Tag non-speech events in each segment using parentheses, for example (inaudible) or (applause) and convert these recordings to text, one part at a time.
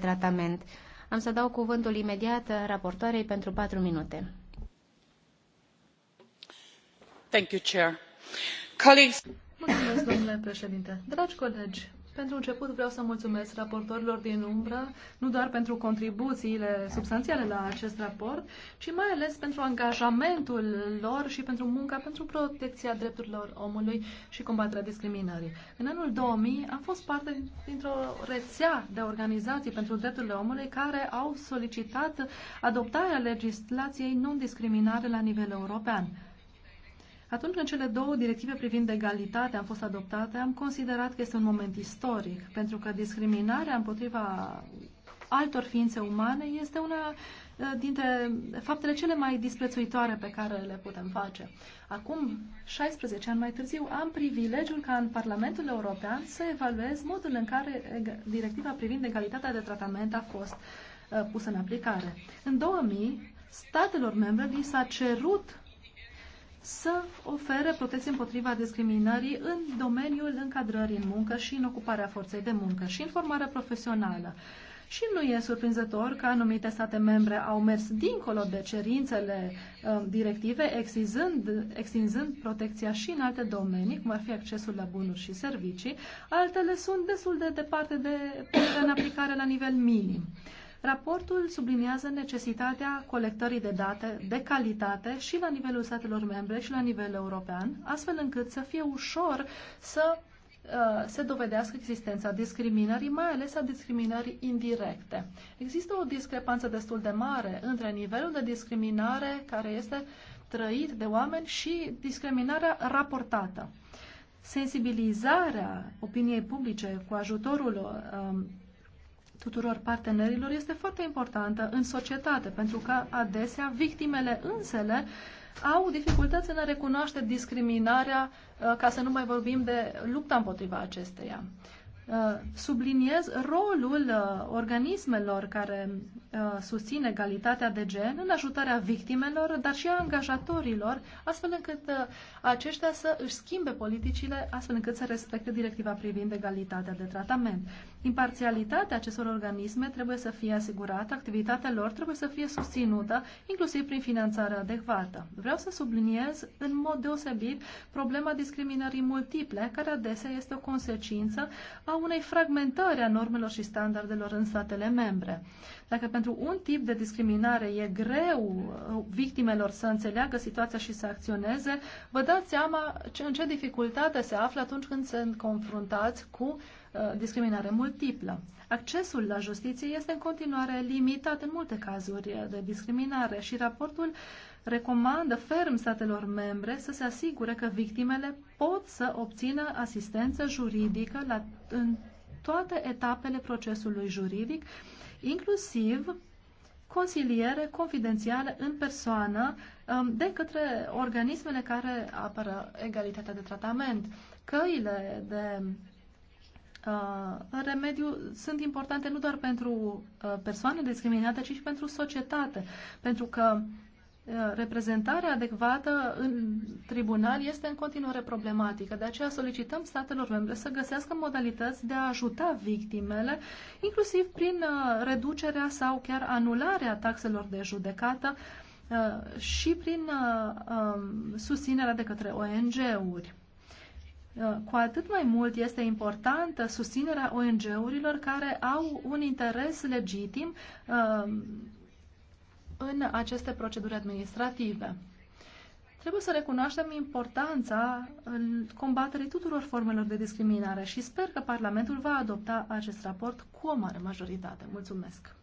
tratament. Am să dau cuvântul imediat raportoarei pentru patru minute. Thank you, Chair. Colleagues... Mulțumesc, domnule președinte. Dragi colegi, pentru început vreau să mulțumesc raportorilor din umbră, nu doar pentru contribuțiile substanțiale la acest raport, ci mai ales pentru angajamentul lor și pentru munca pentru protecția drepturilor omului și combaterea discriminării. În anul 2000 am fost parte dintr-o rețea de organizații pentru drepturile omului care au solicitat adoptarea legislației non-discriminare la nivel european. Atunci când cele două directive privind egalitatea au fost adoptate, am considerat că este un moment istoric, pentru că discriminarea împotriva altor ființe umane este una eh, dintre faptele cele mai disprețuitoare pe care le putem face. Acum, 16 ani mai târziu, am privilegiul ca în Parlamentul European să evaluez modul în care directiva privind egalitatea de tratament a fost eh, pusă în aplicare. În 2000, statelor membre li s-a cerut să ofere protecție împotriva discriminării în domeniul încadrării în muncă și în ocuparea forței de muncă și în formarea profesională. Și nu e surprinzător că anumite state membre au mers dincolo de cerințele uh, directive, extinzând, extinzând protecția și în alte domenii, cum ar fi accesul la bunuri și servicii. Altele sunt destul de departe de în aplicare la nivel minim. Uh, Raportul subliniază necesitatea colectării de date de calitate și la nivelul statelor membre și la nivel european, astfel încât să fie ușor să uh, se dovedească existența discriminării, mai ales a discriminării indirecte. Există o discrepanță destul de mare între nivelul de discriminare care este trăit de oameni și discriminarea raportată. Sensibilizarea opiniei publice cu ajutorul um, tuturor partenerilor este foarte importantă în societate, pentru că adesea victimele însele au dificultăți în a recunoaște discriminarea, uh, ca să nu mai vorbim de lupta împotriva acesteia. Uh, subliniez rolul uh, organismelor care susțin egalitatea de gen în ajutarea victimelor, dar și a angajatorilor, astfel încât aceștia să își schimbe politicile, astfel încât să respecte directiva privind egalitatea de tratament. Imparțialitatea acestor organisme trebuie să fie asigurată, activitatea lor trebuie să fie susținută, inclusiv prin finanțare adecvată. Vreau să subliniez în mod deosebit problema discriminării multiple, care adesea este o consecință a unei fragmentări a normelor și standardelor în statele membre. Dacă pentru un tip de discriminare e greu uh, victimelor să înțeleagă situația și să acționeze, vă dați seama în ce dificultate se află atunci când sunt confruntați cu uh, Uh, discriminare multiplă. Accesul la justiție este în continuare limitat în multe cazuri de discriminare și raportul recomandă ferm statelor membre să se asigure că victimele pot să obțină asistență juridică la, în toate etapele procesului juridic, inclusiv consiliere confidențială în persoană um, de către organismele care apără egalitatea de tratament. Căile de Uh, în remediu sunt importante nu doar pentru uh, persoane discriminate, ci și pentru societate. Pentru că uh, reprezentarea adecvată în tribunal este în continuare problematică. De aceea solicităm statelor membre să găsească modalități de a ajuta victimele, inclusiv prin reducerea sau chiar anularea taxelor de judecată și prin um, susținerea de către ONG-uri. Uh, cu atât mai mult este importantă susținerea ONG-urilor care au un interes legitim uh, în aceste proceduri administrative. Trebuie să recunoaștem importanța în uh, combaterii tuturor formelor de discriminare și sper că Parlamentul va adopta acest raport cu o mare majoritate. Mulțumesc!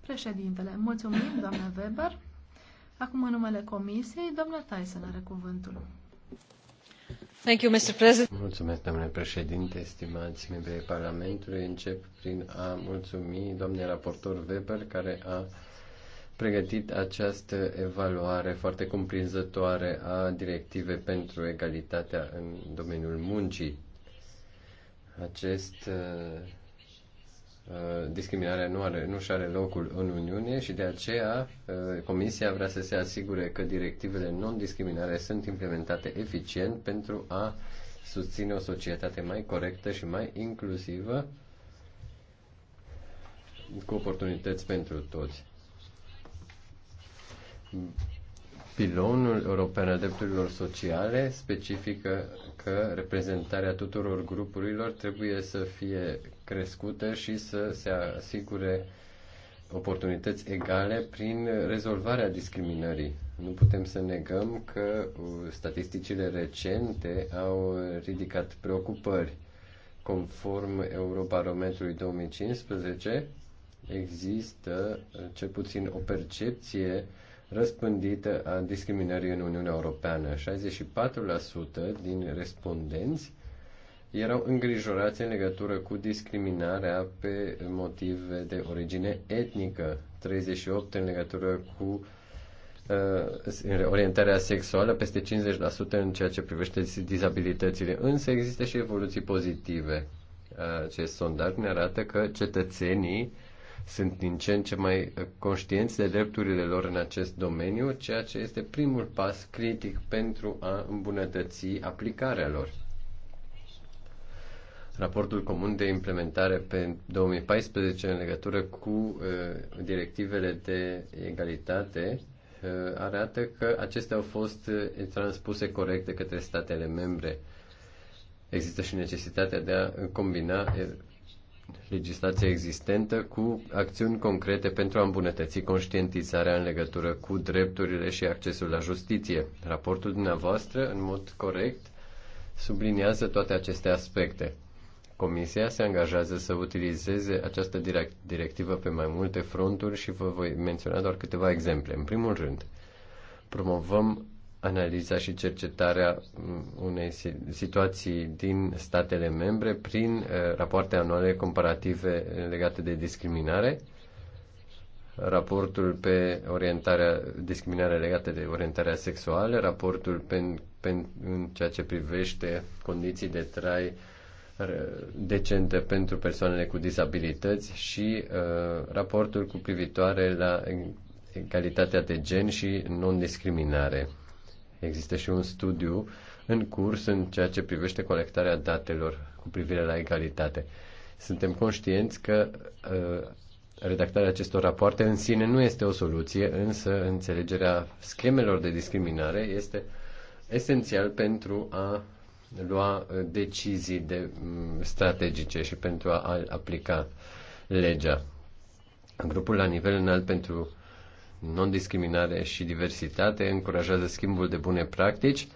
Președintele, mulțumim, doamna Weber. Acum, în numele Comisiei, doamna Tyson are cuvântul. Mulțumesc, domnule președinte, stimați membri ai Parlamentului. Încep prin a mulțumi doamnei raportor Weber, care a pregătit această evaluare foarte cuprinzătoare a directivei pentru egalitatea în domeniul muncii. Acest uh, Uh, discriminarea nu, are, nu și are locul în Uniune și de aceea uh, Comisia vrea să se asigure că directivele non-discriminare sunt implementate eficient pentru a susține o societate mai corectă și mai inclusivă cu oportunități pentru toți. Pilonul European al Drepturilor Sociale specifică că reprezentarea tuturor grupurilor trebuie să fie crescută și să se asigure oportunități egale prin rezolvarea discriminării. Nu putem să negăm că uh, statisticile recente au ridicat preocupări. Conform Eurobarometrului 2015, există cel puțin o percepție răspândită a discriminării în Uniunea Europeană. 64% din respondenți erau îngrijorați în legătură cu discriminarea pe motive de origine etnică, 38% în legătură cu uh, orientarea sexuală, peste 50% în ceea ce privește dizabilitățile. Însă există și evoluții pozitive. Acest sondaj ne arată că cetățenii uh, sunt din ce în ce mai eh, conștienți de drepturile lor în acest domeniu, ceea ce este primul pas critic pentru a îmbunătăți aplicarea lor. Raportul comun de implementare pe 2014 în legătură cu uh, directivele de egalitate uh, arată că acestea au fost uh, transpuse corect de către statele membre. Există și necesitatea de a combina legislația existentă cu acțiuni concrete pentru a îmbunătăți conștientizarea în legătură cu drepturile și accesul la justiție. Raportul dumneavoastră, în mod corect, subliniază toate aceste aspecte. Comisia se angajează să utilizeze această directivă pe mai multe fronturi și vă voi menționa doar câteva exemple. În primul rând, promovăm analiza și cercetarea mm, unei situații din statele membre prin eh, rapoarte anuale comparative eh, legate de discriminare, raportul pe orientarea, discriminare legată de orientarea sexuală, raportul pen, pen, în ceea ce privește condiții de trai eh, decente pentru persoanele cu dizabilități și uh, raportul cu privitoare la egalitatea de gen și non-discriminare. Există și un studiu în curs în ceea ce privește colectarea datelor cu privire la egalitate. Suntem conștienți că uh, redactarea acestor rapoarte în sine nu este o soluție, însă înțelegerea schemelor de discriminare este esențial pentru a lua uh, decizii de, mm, strategice și pentru a aplica legea. Grupul la nivel înalt pentru non-discriminare și diversitate, încurajează schimbul de bune practici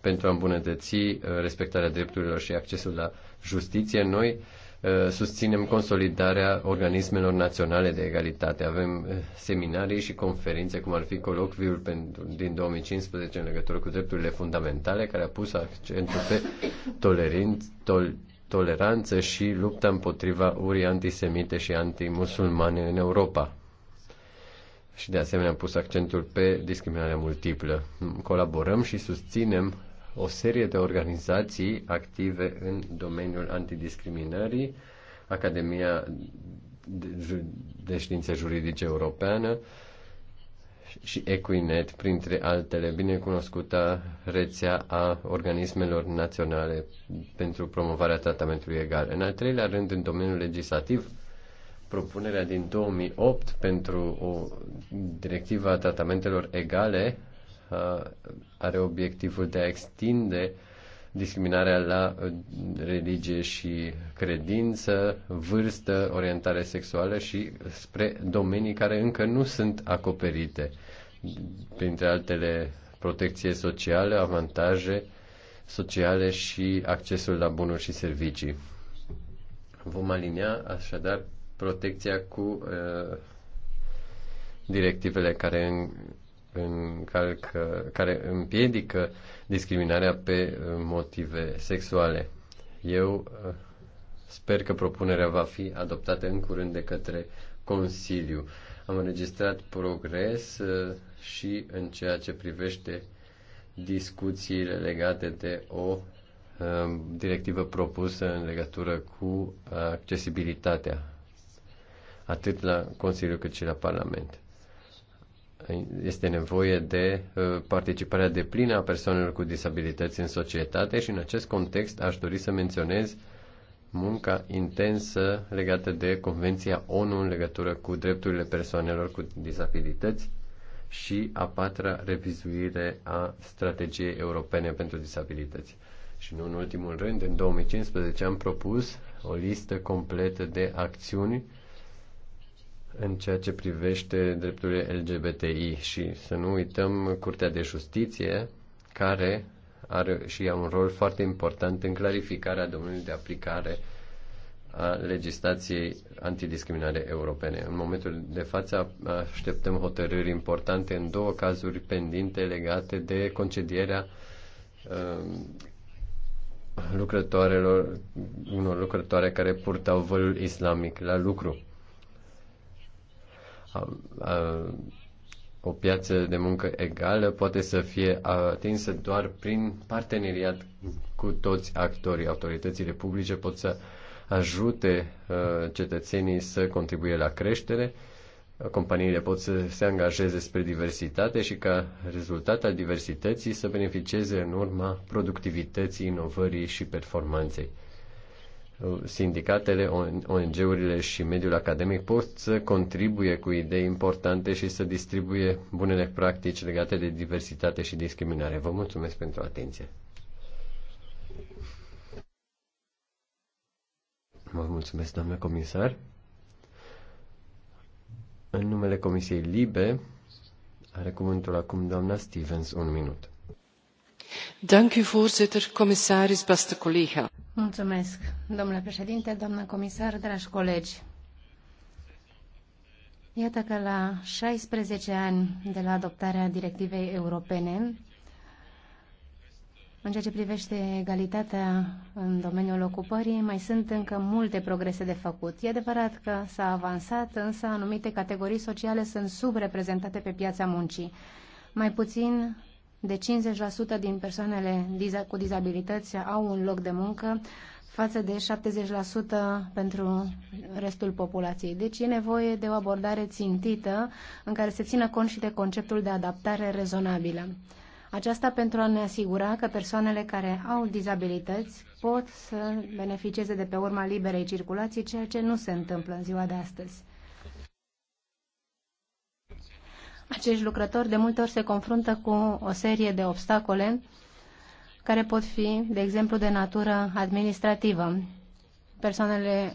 pentru a îmbunătăți uh, respectarea drepturilor și accesul la justiție. Noi uh, susținem consolidarea organismelor naționale de egalitate. Avem uh, seminarii și conferințe, cum ar fi colocviul pentru, din 2015 în legătură cu drepturile fundamentale, care a pus accentul pe tolerin, tol, toleranță și lupta împotriva urii antisemite și antimusulmane în Europa și de asemenea am pus accentul pe discriminarea multiplă. Colaborăm și susținem o serie de organizații active în domeniul antidiscriminării, Academia de Științe Juridice Europeană și Equinet, printre altele, binecunoscuta rețea a organismelor naționale pentru promovarea tratamentului egal. În al treilea rând, în domeniul legislativ, propunerea din 2008 pentru o directivă a tratamentelor egale uh, are obiectivul de a extinde discriminarea la uh, religie și credință, vârstă, orientare sexuală și spre domenii care încă nu sunt acoperite. Printre altele, protecție socială, avantaje sociale și accesul la bunuri și servicii. Vom alinea așadar protecția cu uh, directivele care, în, în calcă, care împiedică discriminarea pe uh, motive sexuale. Eu uh, sper că propunerea va fi adoptată în curând de către Consiliu. Am înregistrat progres uh, și în ceea ce privește discuțiile legate de o uh, directivă propusă în legătură cu uh, accesibilitatea atât la Consiliu cât și la Parlament. Este nevoie de uh, participarea de plină a persoanelor cu disabilități în societate și în acest context aș dori să menționez munca intensă legată de Convenția ONU în legătură cu drepturile persoanelor cu disabilități și a patra revizuire a strategiei europene pentru disabilități. Și nu în ultimul rând, în 2015 am propus o listă completă de acțiuni în ceea ce privește drepturile LGBTI și să nu uităm Curtea de Justiție, care are și ea un rol foarte important în clarificarea domeniului de aplicare a legislației antidiscriminare europene. În momentul de față așteptăm hotărâri importante în două cazuri pendinte legate de concedierea um, lucrătoarelor, unor lucrătoare care purtau vălul islamic la lucru o piață de muncă egală poate să fie atinsă doar prin parteneriat cu toți actorii. Autoritățile publice pot să ajute cetățenii să contribuie la creștere, companiile pot să se angajeze spre diversitate și ca rezultat al diversității să beneficieze în urma productivității, inovării și performanței sindicatele, ONG-urile și mediul academic pot să contribuie cu idei importante și să distribuie bunele practici legate de diversitate și discriminare. Vă mulțumesc pentru atenție. Vă mulțumesc, doamnă comisar. În numele Comisiei Libe, are cuvântul acum doamna Stevens, un minut. Dank u, voorzitter, commissaris, beste collega. Mulțumesc, domnule președinte, doamnă comisar, dragi colegi. Iată că la 16 ani de la adoptarea directivei europene, în ceea ce privește egalitatea în domeniul ocupării, mai sunt încă multe progrese de făcut. E adevărat că s-a avansat, însă anumite categorii sociale sunt subreprezentate pe piața muncii. Mai puțin de 50% din persoanele cu dizabilități au un loc de muncă, față de 70% pentru restul populației. Deci e nevoie de o abordare țintită în care se țină cont și de conceptul de adaptare rezonabilă. Aceasta pentru a ne asigura că persoanele care au dizabilități pot să beneficieze de pe urma liberei circulații, ceea ce nu se întâmplă în ziua de astăzi. Acești lucrători de multe ori se confruntă cu o serie de obstacole care pot fi, de exemplu, de natură administrativă. Persoanele,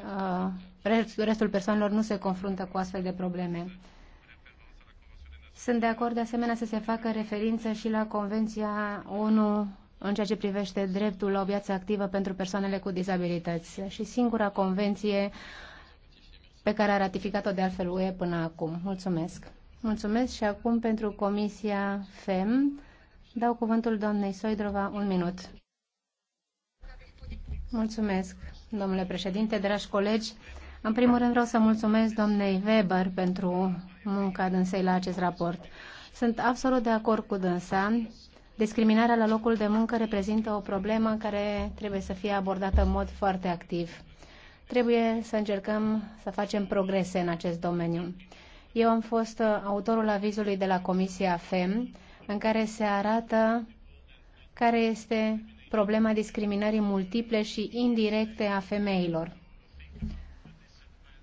uh, restul persoanelor nu se confruntă cu astfel de probleme. Sunt de acord de asemenea să se facă referință și la Convenția ONU în ceea ce privește dreptul la o viață activă pentru persoanele cu dizabilități și singura convenție pe care a ratificat-o de altfel UE până acum. Mulțumesc! Mulțumesc și acum pentru Comisia FEM Dau cuvântul doamnei Soidrova un minut. Mulțumesc, domnule președinte, dragi colegi. În primul rând vreau să mulțumesc doamnei Weber pentru munca dânsei la acest raport. Sunt absolut de acord cu dânsa. Discriminarea la locul de muncă reprezintă o problemă care trebuie să fie abordată în mod foarte activ. Trebuie să încercăm să facem progrese în acest domeniu. Eu am fost autorul avizului de la Comisia FEM în care se arată care este problema discriminării multiple și indirecte a femeilor.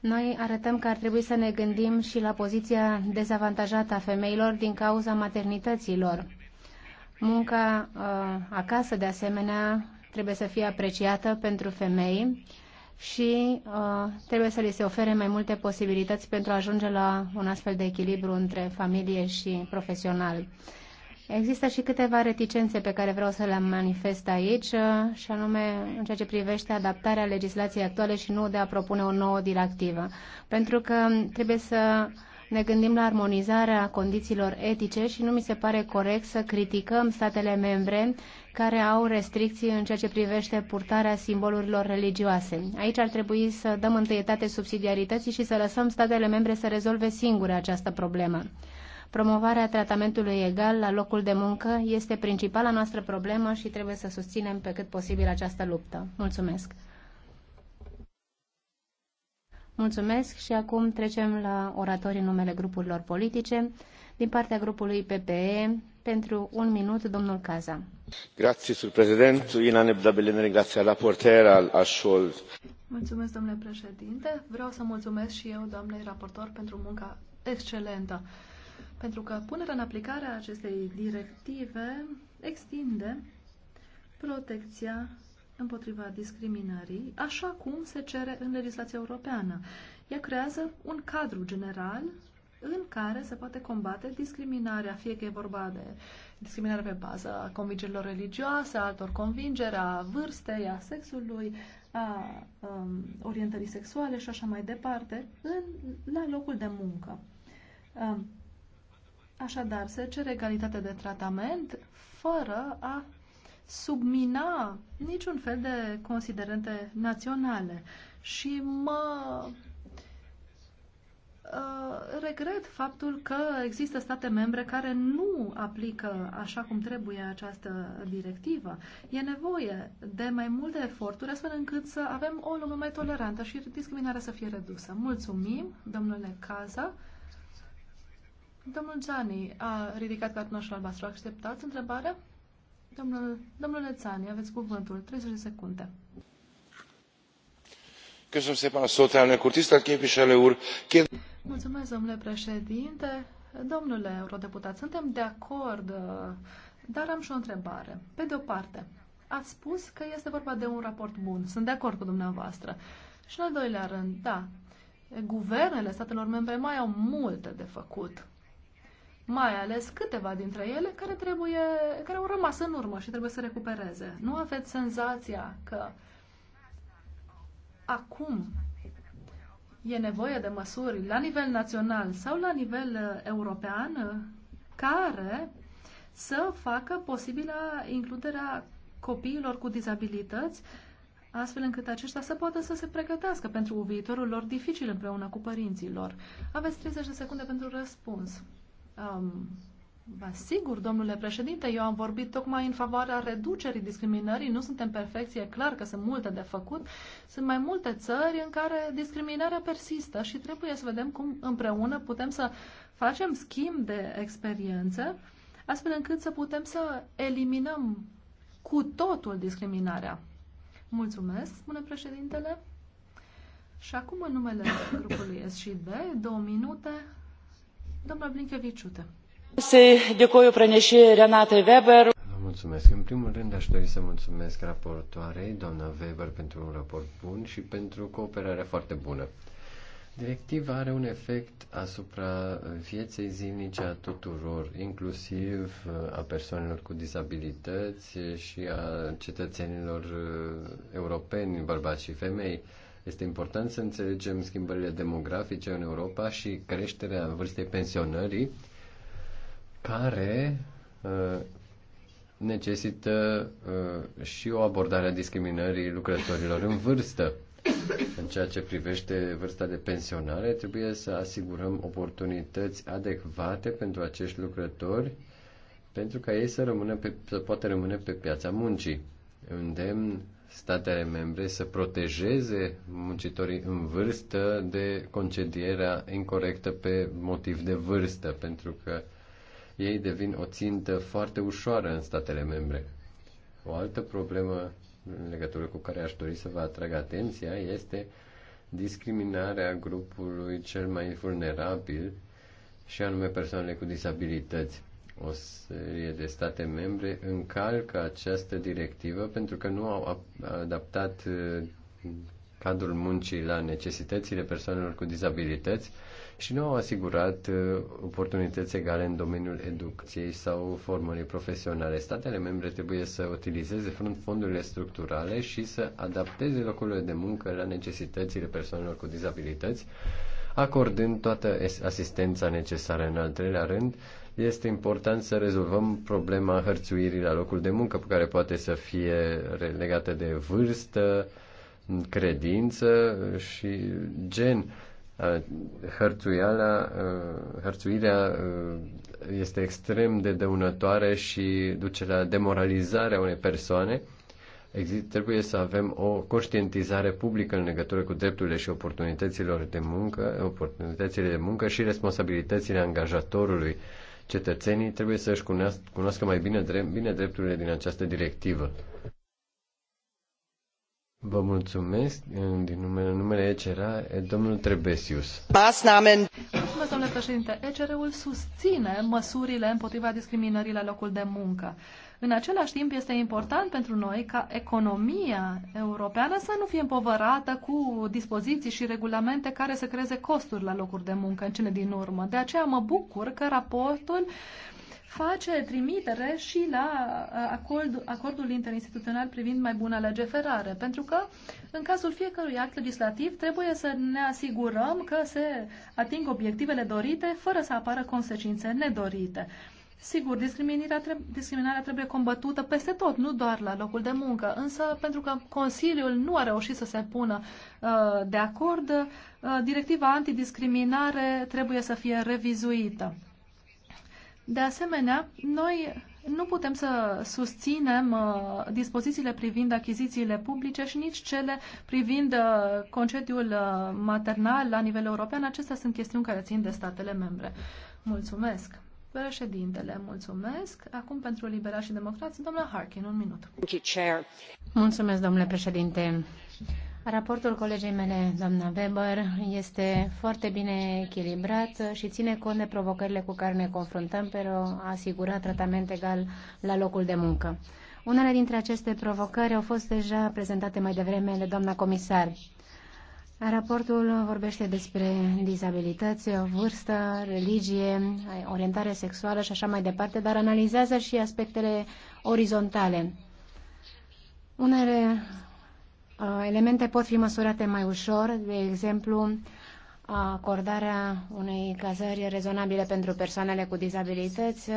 Noi arătăm că ar trebui să ne gândim și la poziția dezavantajată a femeilor din cauza maternităților. Munca uh, acasă, de asemenea, trebuie să fie apreciată pentru femei și uh, trebuie să li se ofere mai multe posibilități pentru a ajunge la un astfel de echilibru între familie și profesional. Există și câteva reticențe pe care vreau să le manifest aici, uh, și anume în ceea ce privește adaptarea legislației actuale și nu de a propune o nouă directivă. Pentru că trebuie să ne gândim la armonizarea condițiilor etice și nu mi se pare corect să criticăm statele membre care au restricții în ceea ce privește purtarea simbolurilor religioase. Aici ar trebui să dăm întâietate subsidiarității și să lăsăm statele membre să rezolve singure această problemă. Promovarea tratamentului egal la locul de muncă este principala noastră problemă și trebuie să susținem pe cât posibil această luptă. Mulțumesc! Mulțumesc și acum trecem la oratorii numele grupurilor politice. Din partea grupului PPE, pentru un minut, domnul Caza. Grazie, sul prezident. Inanebdabilene la raporter al Așol. Mulțumesc, domnule președinte. Vreau să mulțumesc și eu, doamnei raportor, pentru munca excelentă. Pentru că punerea în aplicare a acestei directive extinde protecția împotriva discriminării, așa cum se cere în legislația europeană. Ea creează un cadru general în care se poate combate discriminarea, fie că e vorba de discriminare pe bază a convingerilor religioase, a altor convingeri, a vârstei, a sexului, a um, orientării sexuale și așa mai departe, în, la locul de muncă. Um, Așadar, se cere egalitate de tratament fără a submina niciun fel de considerente naționale. Și mă ă, regret faptul că există state membre care nu aplică așa cum trebuie această directivă. E nevoie de mai multe eforturi astfel încât să avem o lume mai tolerantă și discriminarea să fie redusă. Mulțumim, domnule Caza. Domnul Gianni a ridicat cartonașul albastru. Acceptați întrebarea? Domnul, domnule Țani, aveți cuvântul. 30 de secunde. Köszönöm szépen a szót, elnök úr. Tisztelt képviselő úr! Két... Mulțumesc, domnule președinte. Domnule eurodeputat, suntem de acord, dar am și o întrebare. Pe de o parte, ați spus că este vorba de un raport bun. Sunt de acord cu dumneavoastră. Și în al doilea rând, da, guvernele statelor membre mai au multe de făcut mai ales câteva dintre ele care, trebuie, care au rămas în urmă și trebuie să recupereze. Nu aveți senzația că acum e nevoie de măsuri la nivel național sau la nivel uh, european uh, care să facă posibilă includerea copiilor cu dizabilități astfel încât aceștia să poată să se pregătească pentru viitorul lor dificil împreună cu părinții lor. Aveți 30 de secunde pentru răspuns. Um, Ba sigur, domnule președinte, eu am vorbit tocmai în favoarea reducerii discriminării, nu suntem perfecți, e clar că sunt multe de făcut. Sunt mai multe țări în care discriminarea persistă și trebuie să vedem cum împreună putem să facem schimb de experiențe, astfel încât să putem să eliminăm cu totul discriminarea. Mulțumesc, spune președintele. Și acum, în numele grupului S&D, două minute, Doamna prăneși Renate Weber. Vă mulțumesc. În primul rând aș dori să mulțumesc raportoarei, doamna Weber, pentru un raport bun și pentru cooperarea foarte bună. Directiva are un efect asupra vieței zilnice a tuturor, inclusiv uh, a persoanelor cu dizabilități și a cetățenilor uh, europeni, bărbați și femei. Este important să înțelegem schimbările demografice în Europa și creșterea vârstei pensionării, care uh, necesită uh, și o abordare a discriminării lucrătorilor în vârstă. În ceea ce privește vârsta de pensionare, trebuie să asigurăm oportunități adecvate pentru acești lucrători pentru ca ei să, rămână pe, să poată rămâne pe piața muncii. Îndemn statele membre să protejeze muncitorii în vârstă de concedierea incorrectă pe motiv de vârstă, pentru că ei devin o țintă foarte ușoară în statele membre. O altă problemă în legătură cu care aș dori să vă atrag atenția este discriminarea grupului cel mai vulnerabil și anume persoanele cu disabilități. O serie de state membre încalcă această directivă pentru că nu au adaptat uh, cadrul muncii la necesitățile persoanelor cu dizabilități și nu au asigurat uh, oportunități egale în domeniul educației sau formării profesionale. Statele membre trebuie să utilizeze fondurile structurale și să adapteze locurile de muncă la necesitățile persoanelor cu dizabilități, acordând toată asistența necesară. În al treilea rând, este important să rezolvăm problema hărțuirii la locul de muncă, care poate să fie legată de vârstă, credință și gen. Hărțuiala, hărțuirea este extrem de dăunătoare și duce la demoralizarea unei persoane. Exist, trebuie să avem o conștientizare publică în legătură cu drepturile și oportunităților de muncă, oportunitățile de muncă și responsabilitățile angajatorului Cetățenii trebuie să-și cunoască mai bine, drept, bine drepturile din această directivă. Vă mulțumesc din numele, numele ECRA, domnul Trebesius. Masnamen. Mulțumesc, domnule președinte. ECR-ul susține măsurile împotriva discriminării la locul de muncă. În același timp, este important pentru noi ca economia europeană să nu fie împovărată cu dispoziții și regulamente care să creeze costuri la locuri de muncă în cele din urmă. De aceea mă bucur că raportul uh, face trimitere și la uh, acord, acordul interinstituțional privind mai bună ferare, pentru că în cazul fiecărui act legislativ trebuie să ne asigurăm că se ating obiectivele dorite fără să apară consecințe nedorite. Sigur, discriminarea, trebuie, discriminarea trebuie combătută peste tot, nu doar la locul de muncă, însă pentru că Consiliul nu a reușit să se pună uh, de acord, uh, directiva antidiscriminare trebuie să fie revizuită. De asemenea, noi nu putem să susținem uh, dispozițiile privind achizițiile publice și nici cele privind uh, concediul uh, maternal la nivel european. Acestea sunt chestiuni care țin de statele membre. Mulțumesc. Președintele, mulțumesc. Acum pentru Libera și democrație, domnul Harkin, un minut. Mulțumesc, domnule președinte. Raportul colegei mele, doamna Weber, este foarte bine echilibrat și ține cont de provocările cu care ne confruntăm pentru a asigura tratament egal la locul de muncă. Unele dintre aceste provocări au fost deja prezentate mai devreme de doamna comisar. Raportul vorbește despre dizabilități, vârstă, religie, orientare sexuală și așa mai departe, dar analizează și aspectele orizontale. Unele elemente pot fi măsurate mai ușor, de exemplu, acordarea unei cazări rezonabile pentru persoanele cu dizabilități,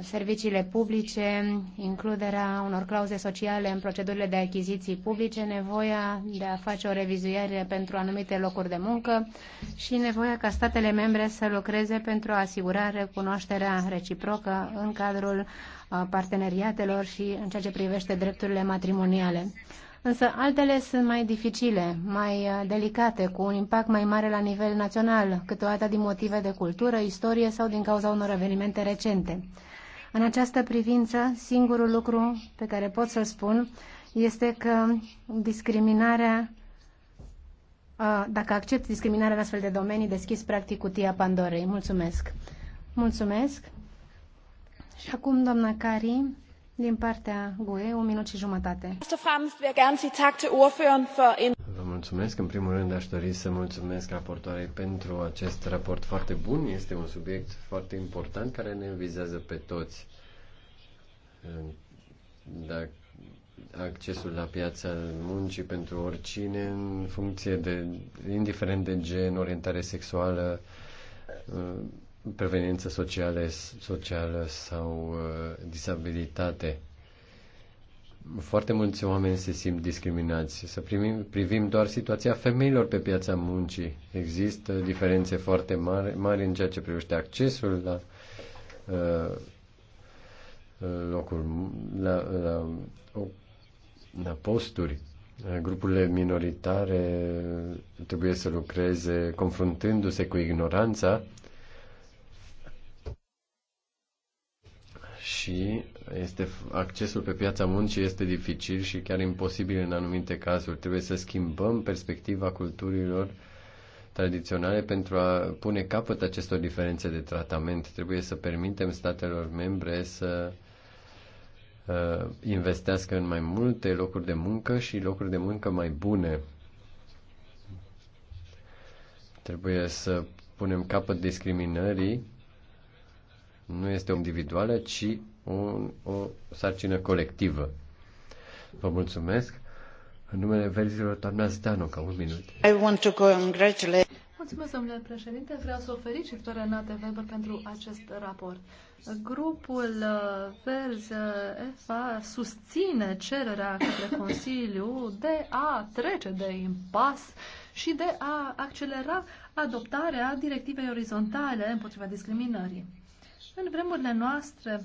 serviciile publice, includerea unor clauze sociale în procedurile de achiziții publice, nevoia de a face o revizuire pentru anumite locuri de muncă și nevoia ca statele membre să lucreze pentru a asigura recunoașterea reciprocă în cadrul parteneriatelor și în ceea ce privește drepturile matrimoniale însă altele sunt mai dificile, mai uh, delicate, cu un impact mai mare la nivel național, câteodată din motive de cultură, istorie sau din cauza unor evenimente recente. În această privință, singurul lucru pe care pot să-l spun este că discriminarea, uh, dacă accept discriminarea în astfel de domenii, deschis practic cutia Pandorei. Mulțumesc! Mulțumesc! Și acum, doamna Cari, din partea GUE, un minut și jumătate. Vă mulțumesc. În primul rând aș dori să mulțumesc raportoarei pentru acest raport foarte bun. Este un subiect foarte important care ne vizează pe toți. Dacă accesul la piața muncii pentru oricine în funcție de, indiferent de gen, orientare sexuală, preveniență sociale, socială sau uh, disabilitate. Foarte mulți oameni se simt discriminați. Să primim, privim doar situația femeilor pe piața muncii. Există diferențe foarte mari, mari în ceea ce privește accesul la uh, uh locuri, la, la, la posturi. Grupurile minoritare trebuie să lucreze confruntându-se cu ignoranța și este, accesul pe piața muncii este dificil și chiar imposibil în anumite cazuri. Trebuie să schimbăm perspectiva culturilor tradiționale pentru a pune capăt acestor diferențe de tratament. Trebuie să permitem statelor membre să uh, investească în mai multe locuri de muncă și locuri de muncă mai bune. Trebuie să punem capăt discriminării nu este o individuală, ci un, o sarcină colectivă. Vă mulțumesc. În numele verzilor, doamna Zdano, ca un minut. I want to congratulate... Mulțumesc, domnule președinte. Vreau să o felicit pe Nate Weber pentru acest raport. Grupul uh, Verzi EFA uh, susține cererea către (coughs) Consiliu de a trece de impas și de a accelera adoptarea directivei orizontale împotriva discriminării. În vremurile noastre,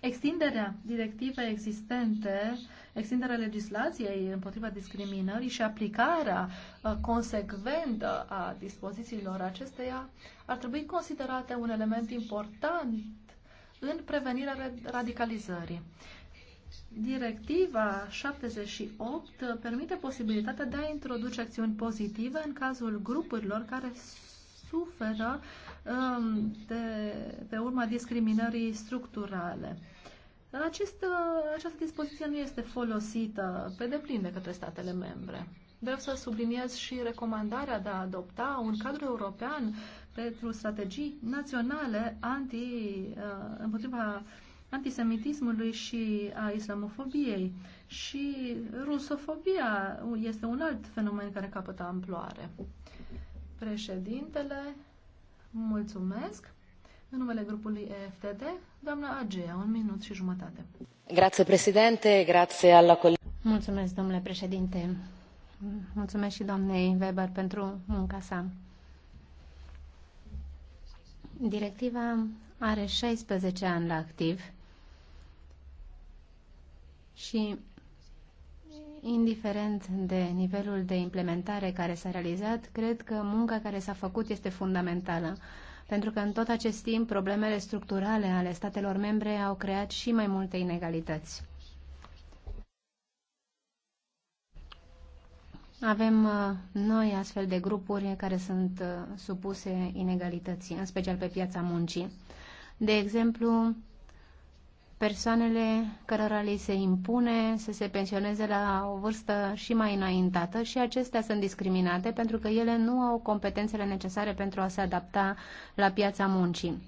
Extinderea directivei existente, extinderea legislației împotriva discriminării și aplicarea uh, consecventă a dispozițiilor acesteia ar trebui considerate un element important în prevenirea radicalizării. Directiva 78 permite posibilitatea de a introduce acțiuni pozitive în cazul grupurilor care suferă de, um, pe urma discriminării structurale. acest, uh, această dispoziție nu este folosită pe deplin de către statele membre. Vreau să subliniez și recomandarea de a adopta un cadru european pentru strategii naționale anti, uh, împotriva antisemitismului și a islamofobiei. Și rusofobia este un alt fenomen care capătă amploare. Președintele Mulțumesc. În numele grupului EFTD, doamna Agea, un minut și jumătate. Grație, președinte, grație alla Mulțumesc, domnule președinte. Mulțumesc și doamnei Weber pentru munca sa. Directiva are 16 ani la activ și indiferent de nivelul de implementare care s-a realizat, cred că munca care s-a făcut este fundamentală, pentru că în tot acest timp problemele structurale ale statelor membre au creat și mai multe inegalități. Avem uh, noi astfel de grupuri care sunt uh, supuse inegalității, în special pe piața muncii. De exemplu, persoanele cărora li se impune să se pensioneze la o vârstă și mai înaintată și acestea sunt discriminate pentru că ele nu au competențele necesare pentru a se adapta la piața muncii.